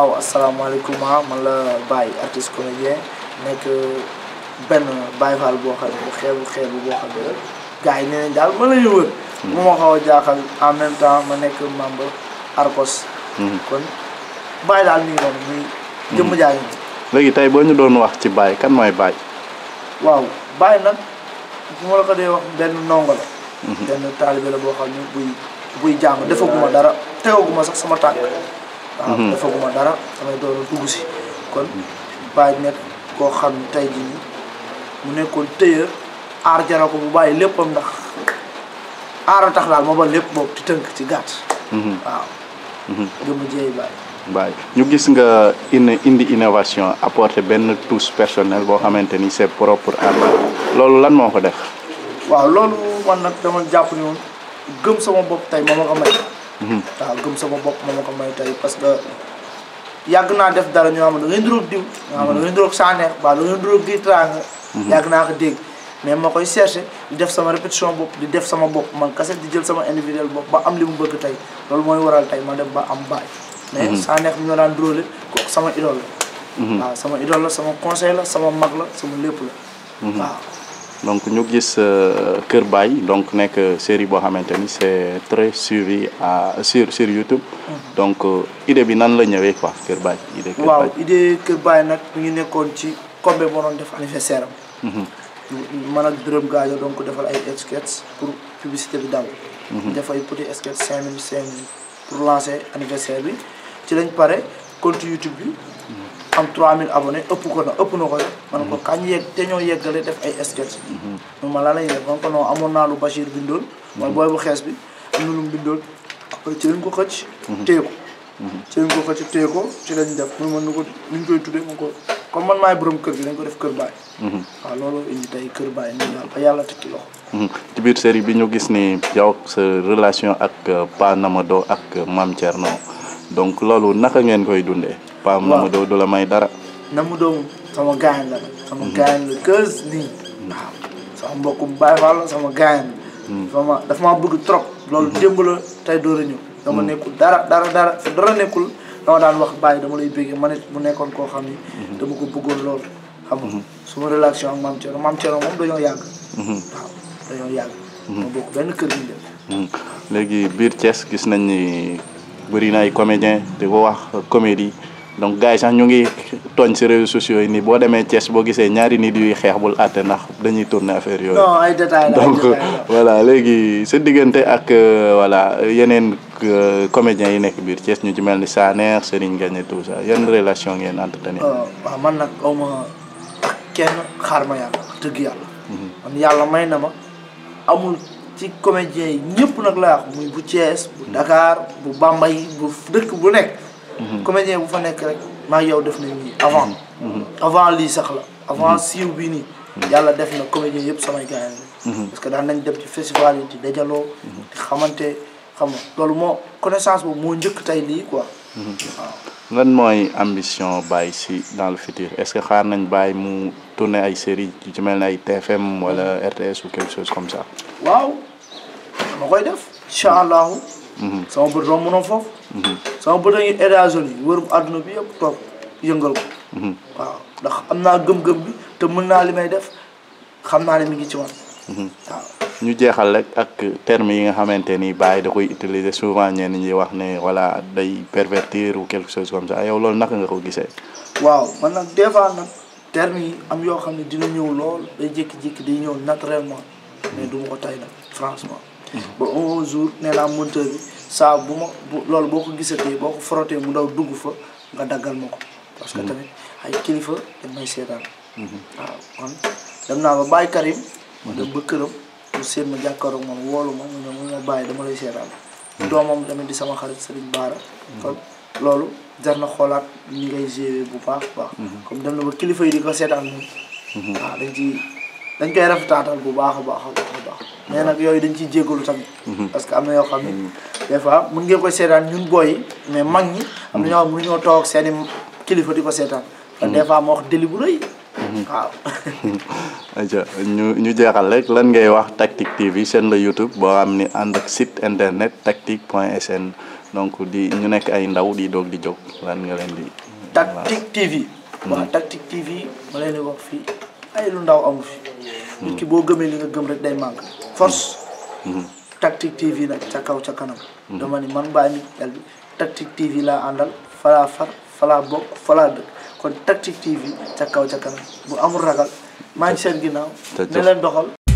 waaw asalaamaaleykum ah, man la Baye artiste comédien nekk euh, benn Baye Fall boo xam ne bu xeebu xeebu boo xam ne gars yi nee nañ daal mën wër. bu hmm. ma xaw a jaaxal en même temps ma nekk membre Arcos. Hmm. kon Baye daal mi ngi doon muy. Hmm. jëmm jaay léegi tey boo ñu doon wax ci Baye kenn mooy Baye. waaw Baye nag bu ma la dee wax benn ndongo la. benn taalibe la boo xam ne buy buy jàng defaguma dara tegaguma sax sama tànk. waaw mhm. defaguma dara damay doon dugg si kon Baye nekk koo xam ne tey jii mu nekkoon tëyër aar jara ko bu bàyyi léppam ndax aara tax daal moo ba lépp boobu di tënk ci gàtt mhm. waaw gëmu jeey Baye waaw ñu gis nga in indi innovation apporter benn touche personnelle boo xamante ni c'est propre à loolu lan moo ko def waaw loolu man nag dama jàpp ni moom gëm sama bopp tey ma ko may waaw gëm sama bopp ma ma ko may tey parce que yàgg naa def dara ñoo xam da ngay nduróog diw ñu xam baa da ngay nduróog gi tranga yàgg naa ko dégg mais ma koy cherché def sama répétition bopp di def sama bopp man kese di jël sama individuel bopp ba am li mu bëgg tey loolu mooy waral tey ma dem ba am baay mais mhm. saaneex ñoo daan dróole sama idole mhm. sama idole la sama conseil la sama mag la sama lépp la mhm. waaw donc ñu gis euh, Kër Baye donc nekk série boo xamante ni c' est très suivi à sur sur YouTube. Mhm. donc euh, idée bi nan la ñëwee quoi Kër Baye. idée Kër Baye waaw idée nag ñu ngi nekkoon ci combe moo doon def anniversaire am. Mhm. man ak gaa Gadio donc defal ay sketch pour publicité bi daw. Mhm. def ay petit sketch cinq minutes cinq minutes pour lancer anniversaire bi ci lañ pare compte YouTube bi. am 3000 abonnés ëpp ko na ëpp na ko man ko kañ yegg te ñoo yeggale def ay sketch mu mhm. ma la lay def man ko non amoon naa lu Bachir bindool mhm. mooy booy bu xees bi am na lu mu bindool mhm. ci lañ ko xëcc téye ko ci lañ ci lañ def mu mën na ko ni ñu koy tuddee ko comme man maay borom kër gi dañ ko def kër baay waaw loolu indi tey kër baay ni daal ba yàlla tekki loxo ci biir série bi ñu gis ni yow sa relation ak euh, Pa Namado ak euh, Mame Thierno donc loolu naka ngeen koy dundee paam Namudo du la may dara. Namudo sama gaañ la sama mm-hmm. gaañ la keus nii. Mm-hmm. waaw sama mbokku Baay Faal la sama gaañ la. Mm-hmm. dafa maa bëgg trop. loolu démb la tey door a ñëw. dama nekkul dara dara dara dara nekkul dama daan wax bàyyi dama lay bëggee man it mu nekkoon koo xam ni. dama ko bëggoon lool. xam nga suma relation ak maam Thierno maam Thierno moom dañoo yàgg. waaw dañoo yàgg. ma bokk benn kër gi dem. léegi biir Thiès gis nañ ni bëri na ay comédien di ko wax comédie. donc gars yi sax ñu ngi tooñ si réseaux sociaux yi nii boo demee Thiès boo gisee ñaari nit yuy xeex bul àtte ndax dañuy tourner affaire yooyu. non ay détails donc voilà léegi sa diggante ak euh, voilà yeneen euh, comédiens yi nekk biir Thiès ñu ci mel ni Sanex Serigne Gagné tout ça yan relation ngeen entretenir. Euh, waaw man nag aw ma ak kenn xaar ma yàlla dëgg mhm. yàlla. may na ma amul ci comédiens yi ñëpp nag la wax muy bu Thiès bu Dakar bu Bambey bu dëkk bu nekk. Mhm. comédien bu fa nekk rek maa yow def nañ nii avant. Mhm. Mhm. avant lii sax la avant siiw bii nii. yàlla def na comédien yëpp samay gars yi parce que daan nañ dem festival yi di dajaloo. xamante xam nga loolu moo connaissance boobu moo njëkk tey lii ko waaw lan mooy ambition Baye si dans le futur est-ce que xaar nañ Baye mu tourner ay séries yu ci mel ne ay TFM wala RTS ou quelque chose comme ça. waaw dama koy def incha allahu. sama bët romb na foofu. Mhm. sama bët a ngi états-unis wër àdduna bi yëpp toog yëngal mhm. waaw ndax am naa gëm-gëm bi te mën naa li may def xam naa ne mu ngi ci man mhm. waaw. ñu jeexal rek ak terme yi nga xamante ni Baye da koy utiliser souvent ñenn ñi wax ne voilà day pervertir ou quelque chose comme ça ah yow loolu naka nga ko gisee. waaw man nag des fois nag terme yi am yoo xam ne dina ñëw lool day jékki-jékki day ñëw naturellement mais du ma ko tay nag franchement. ba un jour nee naa monteur bi saa bu ma loolu boo ko gisatee boo ko frotté mu daw dugg fa nga daggal ma ko. parce que mhm. tamit ay kilifa dañ may seetaan. Mhm. waaw kon dem naa ba bàyyi Karim. ma mhm. dem ba ma jàkkaaroog man woolu ma mu bàyyi dama lay seetaan. doomam tamit di sama xarit Serigne Baara. kon loolu jar na xoolaat ñi ngay gérer bu baax baax. comme dem na ba kilifa yi di ko seetaan moom. waaw dañ koy rafetaatal bu baax a baax a baax. mais nag yooyu dañ ciy jéggalu tamit. Mhm. parce que am na yoo xam ne des fois mën ngeen koy seetaan ñun booy mais mag ñi. am na ñoo xam mënuñoo toog seen i kilifa di ko seetaan. Mhm. des fois moo wax déli bu rëy. Mhm. ñu ñu jeexal rek lan ngay wax Tactic TV seen la YouTube boo xam ni ànd ak site internet tactic point sn donc di ñu nekk ay ndaw di doog di jóg lan nga leen di. Tactic TV. waaw Tactic TV ma leen wax fii ay lu ndaw amu fi. nit ki boo gëmee li nga gëm rek day màgg. force. Mm-hmm. Mm-hmm. Tactic TV nag ca kaw ca kanam. dama ni man Mbaye Mikelle bi Tactic TV laa àndal falaa far falaa bokk falaa dëkk kon Tactic TV ca kaw ca kanam bu amul ragal maa ngi seen ginnaaw. ne doxal.